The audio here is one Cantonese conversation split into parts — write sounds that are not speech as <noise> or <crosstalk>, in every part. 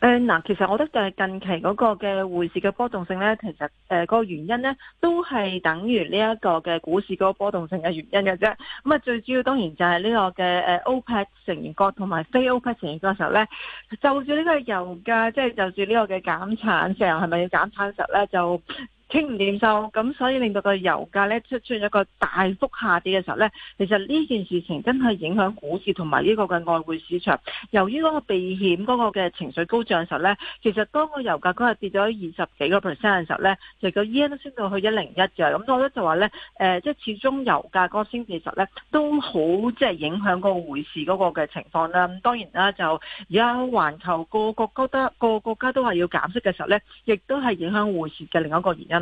嗱、嗯，其實我覺得就係近期嗰個嘅匯市嘅波動性咧，其實個原因咧，都係等於呢一個嘅股市嗰個波動性嘅原因嘅啫。咁啊，最主要當然就係呢個嘅誒 OPEC 成員國同埋非 OPEC 成員國嘅時候咧，就住呢個油價，即係就住、是、呢個嘅減產石油，係咪要減產嘅時候咧，就，傾唔掂數，咁所以令到個油價咧出出現一個大幅下跌嘅時候咧，其實呢件事情真係影響股市同埋呢個嘅外匯市場。由於嗰個避險嗰個嘅情緒高漲嘅時候咧，其實當個油價嗰日跌咗二十幾個 percent 嘅時候咧，成個 E N 升到去一零一嘅，咁我覺得就話咧，誒、呃，即係始終油價嗰個升其實咧，都好即係影響嗰個匯市嗰個嘅情況啦。咁當然啦，就而家環球各個國都得個國家都係要減息嘅時候咧，亦都係影響匯市嘅另一個原因。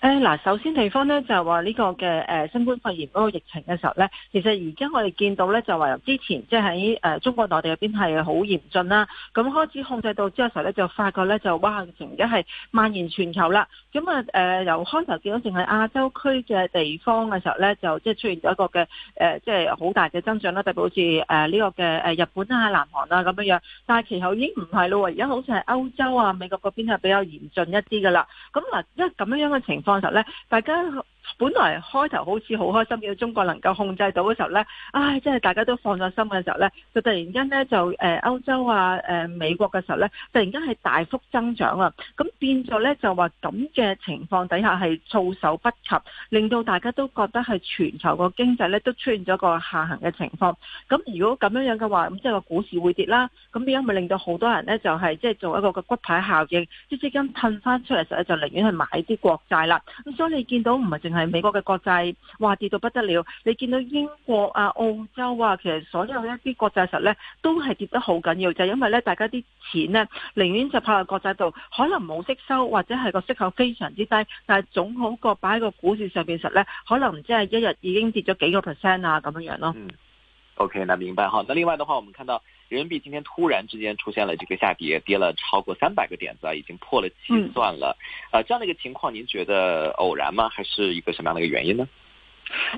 誒嗱、呃，首先地方咧就話呢個嘅誒新冠肺炎嗰個疫情嘅時候咧，其實而家我哋見到咧就話由之前即係喺誒中國內地入邊係好嚴峻啦，咁開始控制到之後時候咧就發覺咧就哇而家係蔓延全球啦，咁啊誒由開頭見到淨係亞洲區嘅地方嘅時候咧，就即係出現咗一個嘅誒即係好大嘅增長啦，特別好似誒呢個嘅誒日本啊、喺南韓啊咁樣樣，但係其後已經唔係咯，而家好似係歐洲啊、美國嗰邊係比較嚴峻一啲噶啦，咁嗱，即係咁樣樣嘅。情況實咧，大家。本來開頭好似好開心嘅，中國能夠控制到嘅時候呢，唉，即係大家都放咗心嘅時候呢，就突然間呢，就誒歐洲啊，誒美國嘅時候呢，突然間係大幅增長啊，咁變咗呢，就話咁嘅情況底下係措手不及，令到大家都覺得係全球個經濟呢都出現咗個下行嘅情況。咁如果咁樣樣嘅話，咁即係個股市會跌啦。咁點解咪令到好多人呢，就係即係做一個個骨牌效應，啲資金褪翻出嚟，時候就寧願去買啲國債啦。咁所以你見到唔係淨係。美國嘅國債哇跌到不得了，你見到英國啊、澳洲啊，其實所有一啲國債實咧，都係跌得好緊要，就係、是、因為咧，大家啲錢咧，寧願就泊喺國債度，可能冇息收或者係個息口非常之低，但係總好過擺喺個股市上邊實咧，可能即係一日已經跌咗幾個 percent 啊咁樣樣咯。嗯。O、okay, K，那明白哈。那另外的話，我們看到人民幣今天突然之間出現了這個下跌，跌了超過三百個點子啊，已經破了七算了。啊、嗯呃，這樣的一個情況，您覺得偶然嗎？還是一個什麼樣的一個原因呢？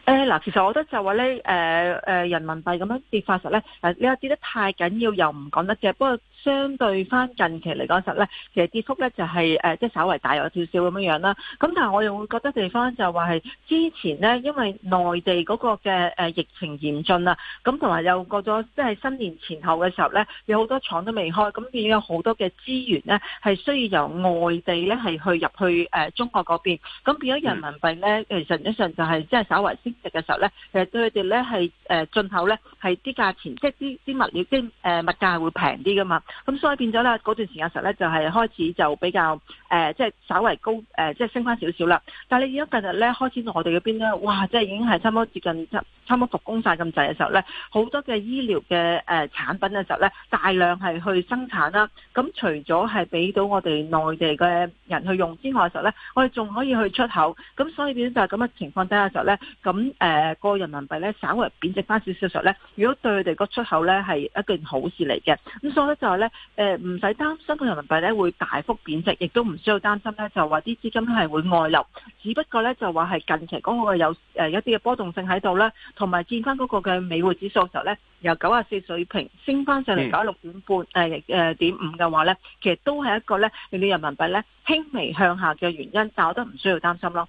呃其實我覺得就話呢、呃呃，人民幣咁樣跌法實呢，你、呃、話跌得太緊要又唔講得嘅，不過，相對翻近期嚟講實咧，其實跌幅咧就係即係稍為大咗少少咁樣樣啦。咁但係我又會覺得地方就話係之前咧，因為內地嗰個嘅疫情嚴峻啦，咁同埋又過咗即係新年前後嘅時候咧，有好多廠都未開，咁變咗好多嘅資源咧係需要由外地咧係去入去中國嗰邊，咁變咗人民幣咧其實實際上就係即係稍為升值嘅時候咧，其實對佢哋咧係誒進口咧係啲價錢，即係啲啲物料即係物價係會平啲噶嘛。咁所以變咗啦，嗰段時間時候咧就係開始就比較誒，即、呃、係、就是、稍微高誒，即、呃、係、就是、升翻少少啦。但係你而家近日咧開始，我哋嗰邊咧，哇！即、就、係、是、已經係差唔多接近差差唔多復工晒咁滯嘅時候咧，好多嘅醫療嘅誒產品嘅時候咧，大量係去生產啦。咁除咗係俾到我哋內地嘅人去用之外嘅時候咧，我哋仲可以去出口。咁所以變咗就係咁嘅情況底下嘅時候咧，咁、那、誒個人民幣咧稍為貶值翻少少嘅時候咧，如果對佢哋個出口咧係一件好事嚟嘅。咁所以就係。誒，唔使擔心個人民幣咧會大幅貶值，亦都唔需要擔心咧，就話啲資金係會外流，只不過咧就話係近期嗰個有誒一啲嘅波動性喺度咧，同埋見翻嗰個嘅美匯指數嘅時候咧，由九啊四水平升翻上嚟九啊六點半誒誒點五嘅話咧，嗯、其實都係一個咧令到人民幣咧輕微向下嘅原因，但我都唔需要擔心咯。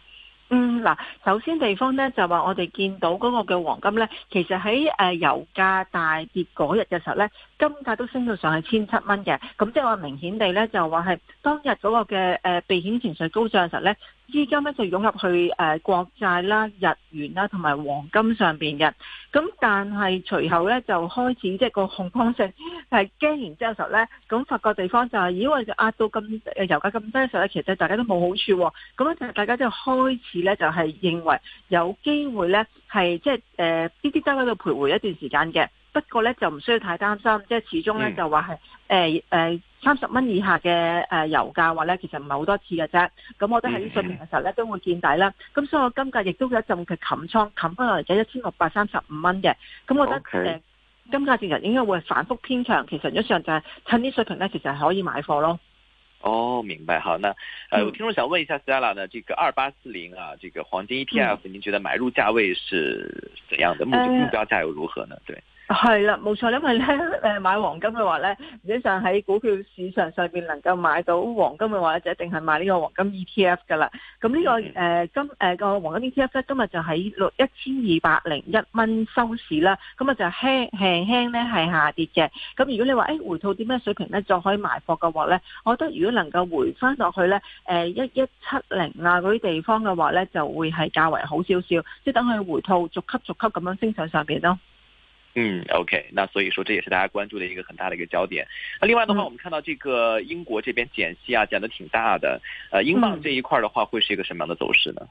嗯，嗱，首先地方咧就話我哋見到嗰個嘅黃金咧，其實喺誒油價大跌嗰日嘅時候咧，金價都升到上去千七蚊嘅，咁即係話明顯地咧就話係當日嗰個嘅誒避險情緒高漲嘅時候咧。資金咧就湧入去誒國債啦、日元啦同埋黃金上邊嘅，咁但係隨後咧就開始即係、就是、個恐慌性係驚，然之後嘅時候咧，咁發覺地方就係，咦我就壓到咁誒油價咁低嘅時候咧，其實大家都冇好處，哦，咁就大家就開始咧就係認為有機會咧係即係誒呢啲都喺度徘徊一段時間嘅。不過咧就唔需要太擔心，即係始終咧、嗯、就話係誒誒三十蚊以下嘅誒、呃、油價話咧，其實唔係好多次嘅啫。咁我覺得喺呢水平嘅時候咧、嗯、都會見底啦。咁、嗯嗯、所以我金價亦都有一陣嘅冚倉冚翻落嚟，就一千六百三十五蚊嘅。咁我覺得誒金價正常應該會反覆偏強。其實一上就係趁啲水平咧，其實係可以買貨咯。哦，明白。好，那誒，我、呃嗯、聽眾想問一下 Sara，呢，呢個二八四零啊，呢、這個黃金 ETF，您、嗯、覺得買入價位是怎樣的？嗯、目目標價又如何呢？對。係啦，冇錯，因為咧，誒買黃金嘅話咧，實際上喺股票市場上邊能夠買到黃金嘅話，就一定係買呢個黃金 ETF 㗎啦。咁呢個誒金誒個黃金 ETF 咧，今日就喺六一千二百零一蚊收市啦。咁啊就輕輕輕咧係下跌嘅。咁如果你話誒回吐啲咩水平咧，再可以埋貨嘅話咧，我覺得如果能夠回翻落去咧，誒一一七零啊嗰啲地方嘅話咧，就會係較為好少少，即係等佢回吐逐級逐級咁樣升上上邊咯。嗯，OK，那所以說這也是大家關注的一個很大的一個焦點。那另外的話，嗯、我們看到這個英國這邊減息啊減得挺大的，呃，英鎊這一塊的話、嗯、會是一個什麼樣的走勢呢？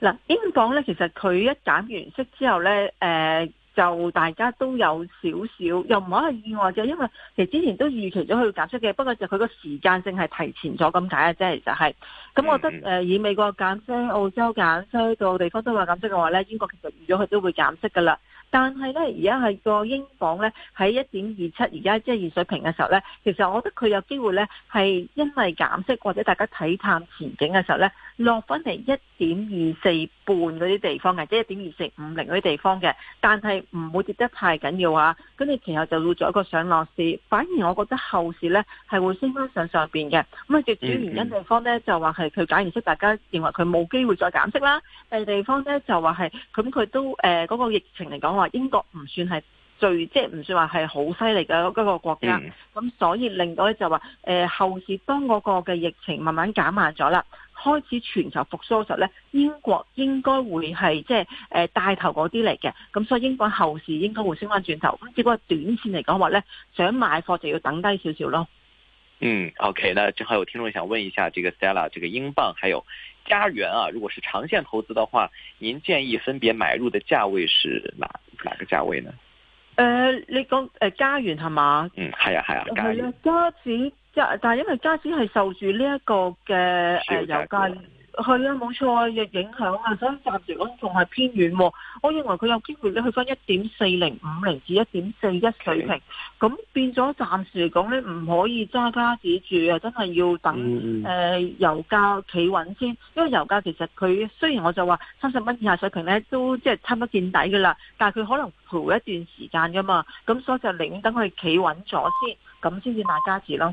嗱，英鎊咧，其實佢一減完息之後咧，誒、呃，就大家都有少少，又唔可以意外，就因為其實之前都預期咗佢會減息嘅，不過就佢個時間性係提前咗咁解嘅啫，其實係、就是，咁我覺得誒，以美國減息、嗯、澳洲減息到地方都話減息嘅話咧，英國其實預咗佢都會減息噶啦。但係咧，而家係個英鎊咧喺一點二七，而家即係二水平嘅時候咧，其實我覺得佢有機會咧係因為減息或者大家睇探前景嘅時候咧，落翻嚟一點二四。換嗰啲地方，即係一點二四五零嗰啲地方嘅，但係唔會跌得太緊要啊。咁你隨後就會做一個上落市。反而我覺得後市呢係會升返上上邊嘅。咁啊，最主要原因地方呢，就話係佢解減息，大家認為佢冇機會再減息啦。第二地方呢，就話係，咁佢都誒嗰、呃那個疫情嚟講話，英國唔算係最，即係唔算話係好犀利嘅嗰個國家。咁、嗯、所以令到呢，就話誒、呃、後市當嗰個嘅疫情慢慢減慢咗啦。開始全球復甦時候咧，英國應該會係即係誒帶頭嗰啲嚟嘅，咁所以英國後市應該會升翻轉頭。咁只不過短線嚟講話咧，想買貨就要等低少少咯。嗯，OK，那正好有聽眾想問一下，這個 Stella，這個英鎊還有加元啊，如果是長線投資的話，您建議分別買入的價位是哪哪個價位呢？誒、呃，你講誒加元係嘛？呃、嗯，係啊係啊，加元即但係因為加紙係受住呢一個嘅誒油價，係啊冇錯嘅影響啊，所以暫時講仲係偏軟喎、啊。我認為佢有機會咧去翻一點四零五零至一點四一水平，咁的變咗暫時嚟講咧唔可以揸加紙住啊，真係要等誒、嗯呃、油價企穩先。因為油價其實佢雖然我就話三十蚊以下水平咧都即係差唔多見底噶啦，但係佢可能調一段時間噶嘛，咁所以就寧願等佢企穩咗先，咁先至買加紙咯。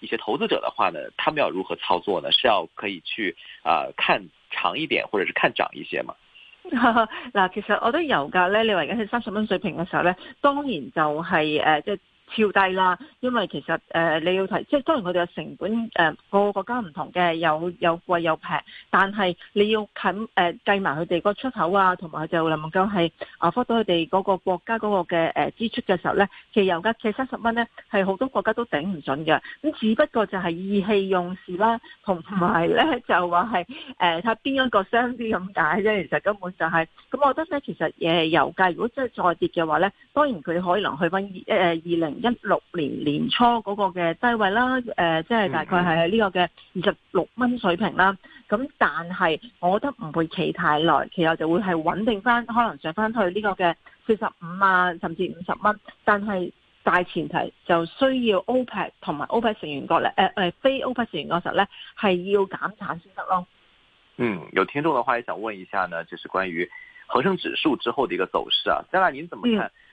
一些投資者的話呢，他們要如何操作呢？是要可以去啊、呃，看長一點，或者是看漲一些嘛？嗱， <laughs> 其實我覺得油價呢，你話而家係三十蚊水平嘅時候呢，當然就係、是、誒，即、呃、係，就是超低啦，因為其實誒、呃、你要睇，即係當然佢哋嘅成本誒、呃、個國家唔同嘅，又又貴又平，但係你要近誒計埋佢哋個出口啊，同埋就能夠係啊覆到佢哋嗰個國家嗰個嘅支出嘅時候咧，其實油價跌七十蚊咧，係好多國家都頂唔準嘅。咁只不過就係意氣用事啦，同埋咧就話係誒睇邊一個商啲咁解啫。其實根本就係、是、咁，我覺得咧其實、呃、油價如果真係再跌嘅話咧，當然佢可能去翻二誒二零。一六年年初嗰個嘅低位啦，誒、呃，即係大概係呢個嘅二十六蚊水平啦。咁、嗯、但係我覺得唔會企太耐，其實就會係穩定翻，可能上翻去呢個嘅四十五啊，甚至五十蚊。但係大前提就需要 OPEC 同埋 OPEC 成員國咧，誒、呃、誒、呃，非 OPEC 成員國實咧係要減產先得咯。嗯，有聽眾嘅話，想問一下呢，就是關於恒生指數之後嘅一個走勢啊，張大您怎麼看？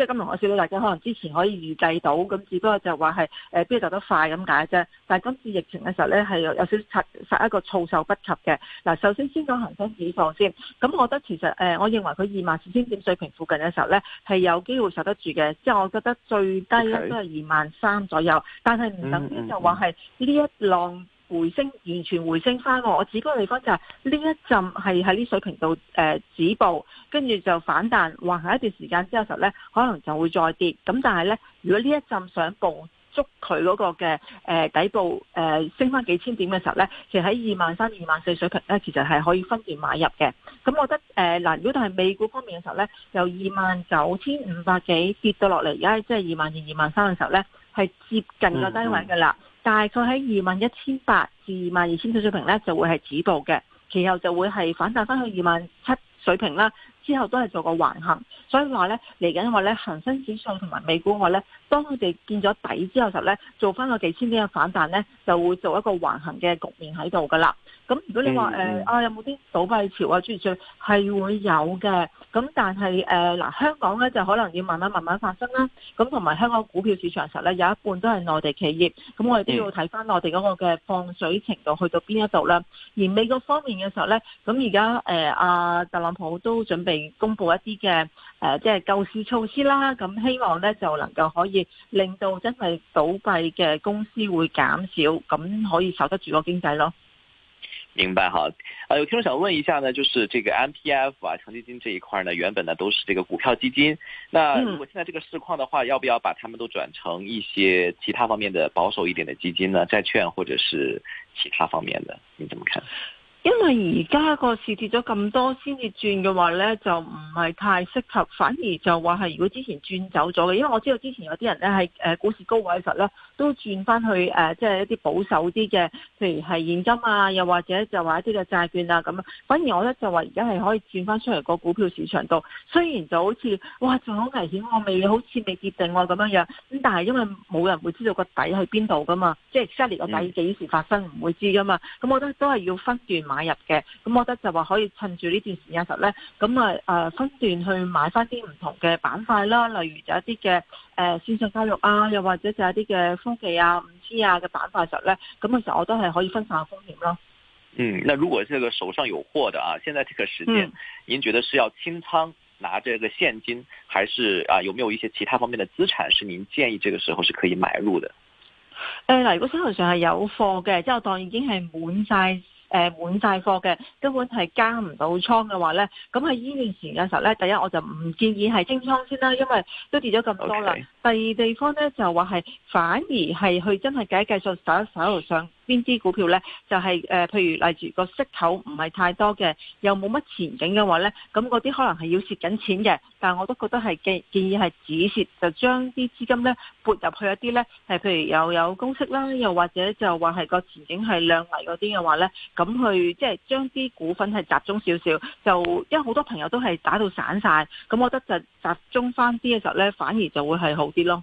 即係今日我笑到大家可能之前可以預計到，咁只不過就話係誒邊度走得快咁解啫。但係今次疫情嘅時候咧，係有有少擦一個措手不及嘅。嗱， <music> 首先先講恒生指數先。咁我覺得其實誒，我認為佢二萬四千點水平附近嘅時候咧，係有機會受得住嘅。即係我覺得最低都係二萬三左右，但係唔等於就話係呢一浪。回升完全回升翻，我指嗰個地方就係、是、呢一陣係喺呢水平度誒止步，跟住就反彈，橫行一段時間之後時候呢，候咧可能就會再跌。咁但係咧，如果呢一陣想捕捉佢嗰個嘅底部誒、呃、升翻幾千點嘅時候咧，其實喺二萬三、二萬四水平咧，其實係可以分段買入嘅。咁我覺得誒嗱、呃，如果係美股方面嘅時候咧，由二萬九千五百幾跌到落嚟，而家即係二萬二、二萬三嘅時候咧，係接近個低位嘅啦。嗯嗯大概喺二萬一千八至二萬二千四水平咧，就會係止步嘅，其後就會係反彈翻去二萬七水平啦。之後都係做個橫行，所以呢話咧嚟緊話咧恒生指數同埋美股我咧，當佢哋見咗底之後就咧做翻個幾千點嘅反彈咧，就會做一個橫行嘅局面喺度噶啦。咁如果你話誒、呃、啊，有冇啲倒閉潮啊？諸如此類係會有嘅。咁但係誒嗱，香港咧就可能要慢慢慢慢發生啦。咁同埋香港股票市場時候咧有一半都係內地企業，咁我哋都要睇翻內地嗰個嘅放水程度去到邊一度啦。而美國方面嘅時候咧，咁而家誒阿特朗普都準備。係公布一啲嘅誒，即係救市措施啦，咁、嗯、希望咧就能夠可以令到真係倒閉嘅公司會減少，咁可以守得住個經濟咯。明白哈，啊、呃、有聽眾想問一下呢，就是這個 M P F 啊，強積金這一塊呢，原本呢都是這個股票基金，那如果現在這個市況的話，嗯、要不要把它們都轉成一些其他方面的保守一點的基金呢？債券或者是其他方面的，你怎麼看？因為而家個市跌咗咁多先至轉嘅話咧，就唔係太適合，反而就話係如果之前轉走咗嘅，因為我知道之前有啲人咧係誒股市高位嘅時候呢。都轉翻去誒，即、呃、係、就是、一啲保守啲嘅，譬如係現金啊，又或者就話一啲嘅債券啊咁。反而我咧就話而家係可以轉翻出嚟個股票市場度。雖然就好似哇仲好危險，我未好似未決定我咁樣樣。咁但係因為冇人會知道個底喺邊度㗎嘛，即係失聯個底幾時發生唔、嗯、會知㗎嘛。咁我覺得都係要分段買入嘅。咁我覺得就話可以趁住呢段時間時候咧，咁啊、呃、分段去買翻啲唔同嘅板塊啦，例如有一啲嘅。誒，線上教育啊，又或者就係啲嘅科技啊、五 G 啊嘅板塊實咧，咁其實我都係可以分散風險咯。嗯，那如果這個手上有貨的啊，現在這個時間，您覺得是要清倉拿這個現金，還是啊有沒有一些其他方面嘅資產是您建議這個時候是可以買入的？誒，嗱，如果手頭上係有貨嘅，即係我當已經係滿晒。誒，滿晒貨嘅，根本係加唔到倉嘅話呢。咁喺呢段時間嘅時候呢，第一我就唔建議係清倉先啦，因為都跌咗咁多啦。Okay. 第二地方呢，就話係反而係去真係計一計數，手一手上。邊啲股票呢？就係、是、誒、呃，譬如例如個息口唔係太多嘅，又冇乜前景嘅話呢，咁嗰啲可能係要蝕緊錢嘅，但係我都覺得係建建議係止蝕，就將啲資金呢撥入去一啲呢。係譬如又有，有公息啦，又或者就話係個前景係亮麗嗰啲嘅話呢，咁去即係將啲股份係集中少少，就因為好多朋友都係打到散晒，咁我覺得就集中翻啲嘅時候呢，反而就會係好啲咯。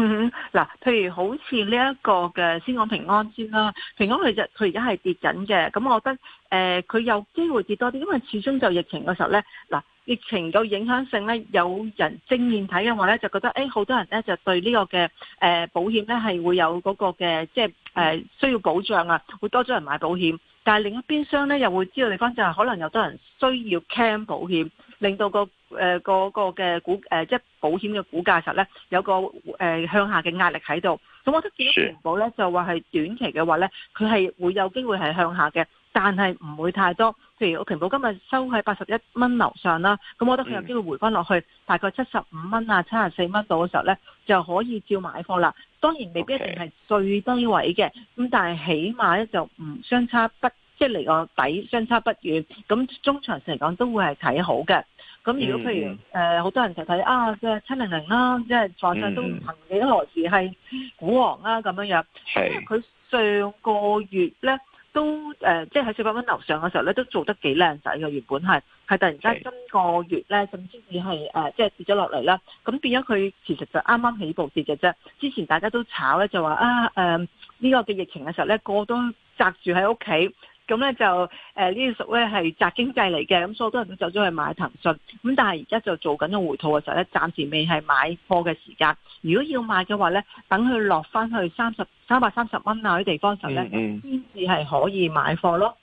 嗱，譬、嗯、如好似呢一個嘅先講平安先啦，平安其實佢而家係跌緊嘅，咁我覺得誒佢、呃、有機會跌多啲，因為始終就疫情嘅時候咧，嗱、呃、疫情嘅影響性咧，有人正面睇嘅話咧，就覺得誒好、欸、多人咧就對呢個嘅誒、呃、保險咧係會有嗰個嘅即係需要保障啊，會多咗人買保險，但係另一邊商咧又會知道地方就係可能有多人需要 cam 保險，令到個，誒、呃、個嘅股誒、呃、即保險嘅股價實咧有個誒、呃、向下嘅壓力喺度。咁我覺得自己平保咧就話係短期嘅話咧，佢係會有機會係向下嘅，但係唔會太多。譬如我平保今日收喺八十一蚊樓上啦，咁我覺得佢有機會回翻落去、嗯、大概七十五蚊啊、七十四蚊度嘅時候咧，就可以照買貨啦。當然未必一定係最低位嘅，咁 Okay. 但係起碼咧就唔相差不。即係嚟個底相差不遠，咁中長線嚟講都會係睇好嘅。咁如果譬如誒，好、嗯呃、多人就睇啊,啊，即係七零零啦，即係財上都曾幾何時係股王啦咁樣樣。咁佢是上個月咧都誒、呃，即係喺四百蚊樓上嘅時候咧，都做得幾靚仔嘅。原本係係突然間今個月咧，甚至係誒、呃，即係跌咗落嚟啦。咁變咗佢其實就啱啱起步跌嘅啫。之前大家都炒咧就話啊，呢、呃呢個嘅疫情嘅時候咧，個,個都宅住喺屋企。咁咧就誒呢啲屬於係宅經濟嚟嘅，咁好多人都走咗去買騰訊，咁但係而家就在做緊個回吐嘅時候咧，暫時未係買貨嘅時間。如果要買嘅話咧，等佢落翻去三十三百三十蚊啊啲地方嘅時候咧，先至係可以買貨咯。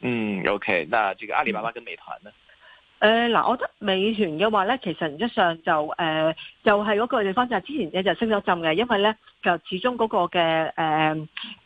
嗯，OK，嗱，呢個阿里巴巴跟美團咧？誒嗱、呃呃，我覺得美團嘅話咧，其實一上就誒、呃、就係、是、嗰個地方就係之前一就升咗浸嘅，因為咧就始終嗰個嘅誒、呃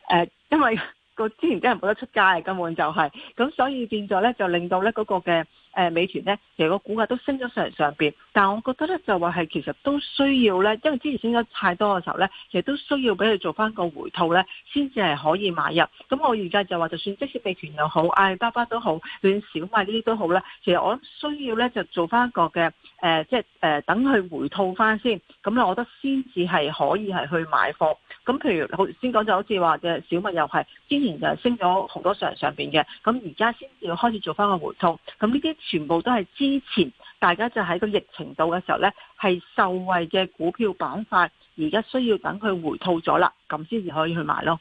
呃、因為個之前真係冇得出街，根本就係咁，所以變咗咧，就令到咧嗰個嘅。誒美團咧，其實個股價都升咗上上邊，但係我覺得咧就話係其實都需要咧，因為之前升咗太多嘅時候咧，其實都需要俾佢做翻個回吐咧，先至係可以買入。咁我而家就話，就算即使美團又好，阿里巴巴都好，亂小米呢啲都好咧，其實我需要咧就做翻一個嘅誒，即、呃、係、就是呃、等佢回吐翻先。咁咧，我覺得先至係可以係去買貨。咁譬如好先講就好似話嘅小米又係之前就升咗好多上上邊嘅，咁而家先至開始做翻個回吐。咁呢啲。全部都係之前大家就喺個疫情度嘅時候呢，係受惠嘅股票板塊，而家需要等佢回吐咗啦，咁先至可以去買咯。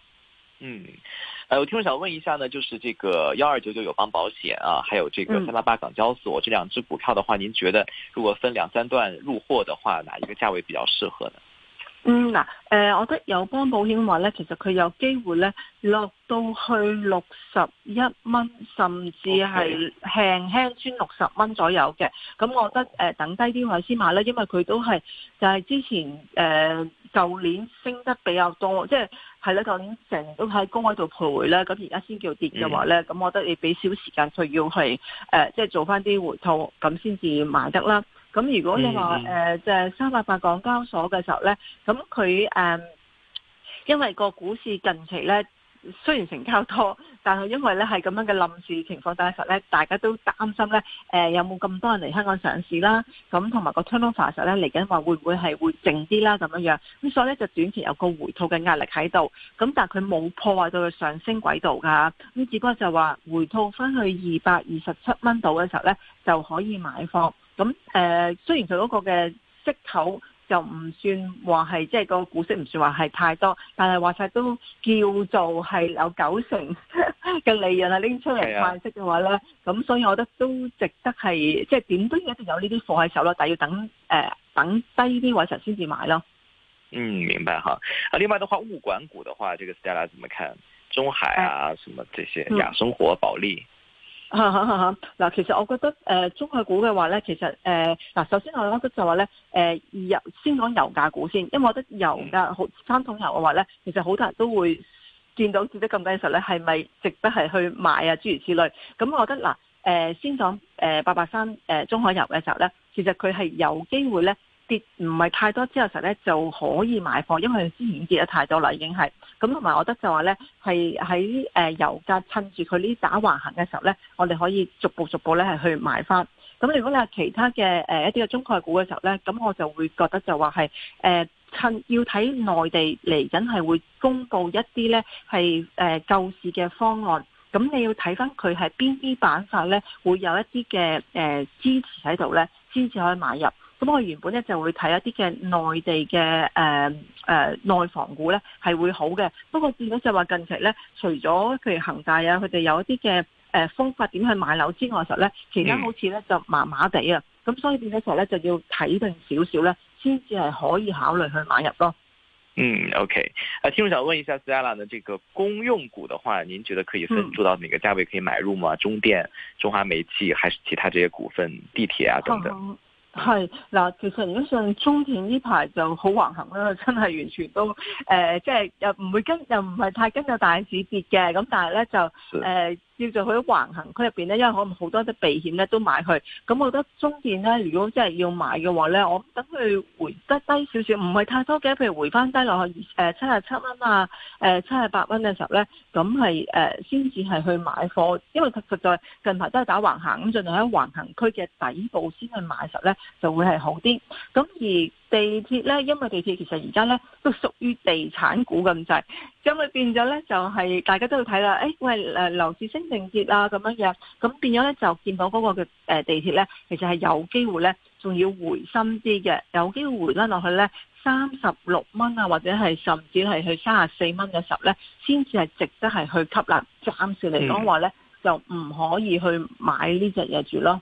嗯，誒、呃，我聽我想問一下呢，就是這個幺二九九友邦保險啊，還有這個三八八港交所這兩支股票的話，您覺得如果分兩三段入貨的話，哪一個價位比較適合呢？嗯嗱、啊呃，我覺得友邦保險的話咧，其實佢有機會咧落到去六十一蚊，甚至係輕輕穿六十蚊左右嘅。咁 Okay. 我覺得、呃、等低啲位先買啦，因為佢都係就係、是、之前誒舊、呃、年升得比較多，即係係啦，舊年成日都喺高位度徘徊啦，咁而家先叫跌嘅話咧，咁、嗯、我覺得你俾少時間佢要去，誒、呃、即係做翻啲回套，咁先至買得啦。咁如果你話誒，即係三八八港交所嘅時候呢，咁佢誒，因為個股市近期呢雖然成交多，但係因為呢係咁樣嘅臨時情況，但係實呢大家都擔心呢誒、呃，有冇咁多人嚟香港上市啦？咁同埋個 Trading，其實嚟緊話會唔會係會靜啲啦？咁樣樣，咁所以呢就短期有個回吐嘅壓力喺度，咁但係佢冇破壞到佢上升軌道噶。咁只不過就話回吐翻去二百二十七蚊度嘅時候呢就可以買貨。咁誒、呃，雖然佢嗰個嘅息口就唔算話係即係個股息唔算話係太多，但係話晒都叫做係有九成嘅利潤係拎出嚟派息嘅話咧，咁、哎、呀所以我覺得都值得係即係點都一定有呢啲貨喺手咯，但係要等誒、呃、等低啲位就先至買咯。嗯，明白哈。啊，另外嘅話，物管股嘅話，這個 Stella 怎麼看？中海啊，呃、什麼這些雅生活、保利。嗯吓吓吓吓！嗱、啊，其實我覺得，誒、呃、中海股嘅話咧，其實，誒、呃、嗱，首先我覺得就話咧，誒、呃、油先講油價股先，因為我覺得油價好三桶油嘅話咧，其實好多人都會見到跌得咁低嘅時候咧，係咪值得係去買啊？諸如此類。咁、嗯、我覺得嗱，誒、呃、先講誒八八三誒中海油嘅時候咧，其實佢係有機會咧。跌唔係太多之後，咧就可以買貨，因為之前跌得太多啦，已經係咁。同埋，我覺得就話咧，係喺油價趁住佢呢打橫行嘅時候咧，我哋可以逐步逐步咧係去買翻。咁如果你話其他嘅一啲嘅中概股嘅時候咧，咁我就會覺得就話係趁要睇內地嚟緊係會公布一啲咧係救市嘅方案。咁你要睇翻佢係邊啲板塊咧，會有一啲嘅支持喺度咧，先至可以買入。咁我原本咧就會睇一啲嘅內地嘅誒誒內房股咧係會好嘅，不過見到就話近期咧，除咗譬如恒大啊，佢哋有一啲嘅誒方法點去買樓之外嘅時候咧，其他好似咧就麻麻地啊，咁、嗯、所以變咗時候咧就要睇定少少咧，先至係可以考慮去買入咯。嗯，OK，啊、呃，聽眾想問一下 Stella 呢個公用股嘅話，您覺得可以分佈到咩個價位可以買入嗎？嗯、中電、中華煤氣，還是其他這些股份、地鐵啊等等？嗯嗯係嗱，其實如果上中電呢排就好橫行啦，真係完全都誒，即係又唔會跟，又唔係太跟個大市跌嘅，咁但係咧就是、呃叫做去喺橫行區入面咧，因為可能好多啲避險咧都買去。咁我覺得中電咧，如果真係要買嘅話咧，我等佢回得低少少，唔係太多嘅，譬如回翻低落去誒七十七蚊啊，誒七十八蚊嘅時候咧，咁係誒先至係去買貨，因為佢實在近排都係打橫行，咁儘量喺橫行區嘅底部先去買實咧，就會係好啲。咁而。地鐵咧，因為地鐵其實而家咧都屬於地產股咁滯，咁啊變咗咧就係、是、大家都會睇啦，誒、哎，喂，誒樓市升定跌啊咁樣樣，咁變咗咧就見到嗰個嘅誒地鐵咧，其實係有機會咧，仲要回深啲嘅，有機會回翻落去咧三十六蚊啊，或者係甚至係去三十四蚊嘅時候咧，先至係值得係去吸納。暫時嚟講話咧，嗯、就唔可以去買呢隻嘢住咯。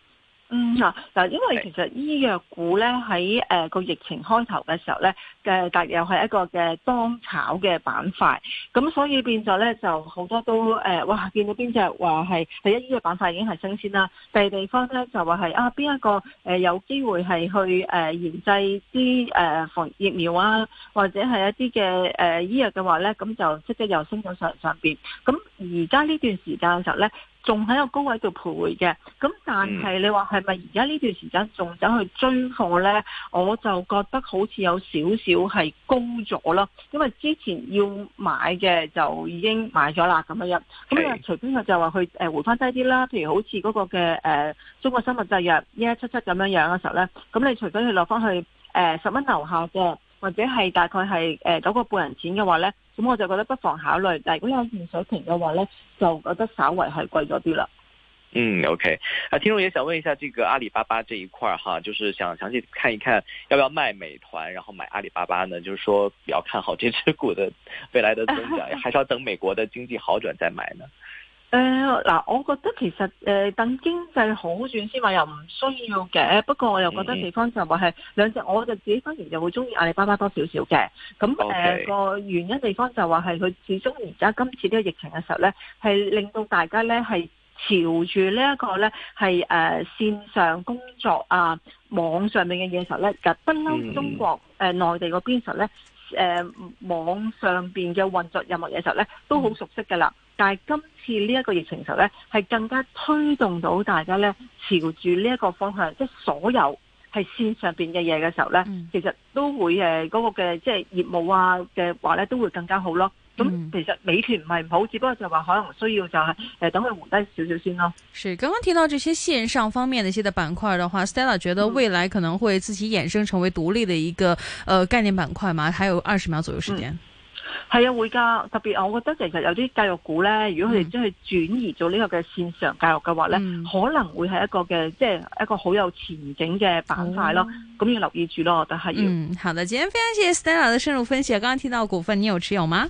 嗯嗱，嗱，因為其實醫藥股咧，喺誒個疫情開頭嘅時候咧，誒、呃、但又係一個嘅當炒嘅板塊，咁所以變咗咧，就好多都誒、呃，哇！見到邊隻話係第一醫藥板塊已經係升先啦，第二地方咧就話係啊，邊一個誒有機會係去誒、呃、研製啲誒防疫苗啊，或者係一啲嘅誒醫藥嘅話咧，咁就即刻又升咗上上邊，咁。而家呢段時間嘅時候呢，仲喺個高位度徘徊嘅。咁但係你話係咪而家呢段時間仲走去追貨呢？我就覺得好似有少少係高咗囉，因為之前要買嘅就已經買咗啦咁樣樣。咁除非佢就話去回翻低啲啦。譬如好似嗰個嘅、呃、中國生物製藥一一七七咁樣樣嘅時候呢，咁你除非佢落翻去誒十蚊樓下嘅。或者係大概係誒九個半人錢嘅話呢，咁我就覺得不妨考慮。但係如果有現水平嘅話呢，就覺得稍為係貴咗啲啦。嗯，OK。啊，聽眾也想問一下，這個阿里巴巴這一塊哈，就是想詳細看一看，要不要賣美團，然後買阿里巴巴呢？就是說比較看好這隻股的未來的增長， <laughs> 還是要等美國的經濟好轉再買呢？誒，嗱、呃，我覺得其實誒、呃，等經濟好轉先買又唔需要嘅，不過我又覺得地方就話係兩隻，我就自己反而就會中意阿里巴巴多少少嘅，咁誒 Okay.、呃、個原因地方就話係佢始終而家今次呢個疫情嘅時候咧，係令到大家咧係朝住呢一個咧係誒線上工作啊網上面嘅嘢嘅時候咧，就不嬲中國誒內、嗯呃、地嗰邊時候咧。誒網上邊嘅運作任何嘢嘅時候咧，都好熟悉噶啦。但係今次呢一個疫情時候咧，係更加推動到大家咧，朝住呢一個方向，即係所有係線上邊嘅嘢嘅時候咧，其實都會誒嗰個嘅即係業務啊嘅話咧，都會更加好咯。咁、嗯嗯、其實美團唔係唔好，只不過就話可能需要就係、是、誒、呃、等佢換低少少先咯。是，剛剛提到這些綫上方面的一些嘅板塊的話、嗯、，Stella 覺得未來可能會自己衍生成為獨立的一個、呃、概念板塊嘛？還有二十秒左右時間。係啊、嗯，會噶，特別我覺得其實有啲教育股咧，如果佢哋將佢轉移做呢個嘅綫上教育嘅話咧，嗯、可能會係一個嘅即係一個好有前景嘅板塊咯。咁、嗯、要留意住咯，我覺得係要、嗯、好的，今天非常謝謝 Stella 嘅深入分析。剛剛提到股份，你有持有嗎？